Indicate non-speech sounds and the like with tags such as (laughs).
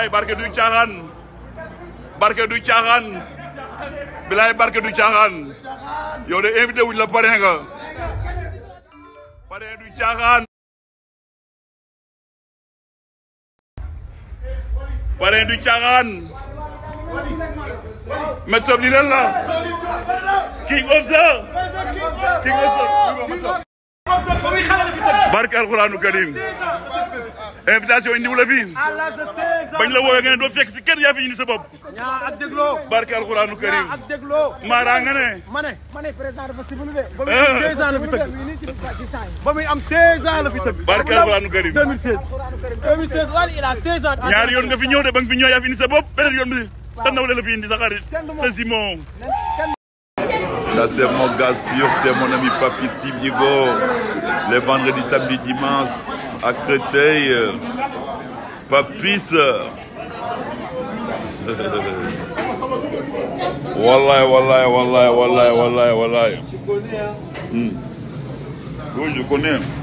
bilaay barke du caaxaan barke du caaxaan bilaay barke du caaxaan yow de invité wuñ la parrain nga parrain du caaxaan Met Sob li lan la King Oza King Oza barke karim invitation indiwu la fii bañ la woowee nga ne doo fekk si kenn yaa fi indi sa bopp. ñaa ak dégloo. karim. Mara nga ne. ma ne ma ne président dafa civilisé. Eh. ba muy am 16 ans karim. 2016. 2016 wala a 16 yoon nga fi ñëw de ba nga fi ñëw yaa fi indi sa bopp beneen yoon bi sa nawle la fi indi sa xarit sa Simon. Ça c'est mon gars sûr, c'est mon ami Papi Steve Igor. Les vendredis, samedis, dimanches. à Créteil, euh, papis. (laughs) wallaay wallaay wallaay wallaay wallaay wallaay. Hmm. Oui, je connais.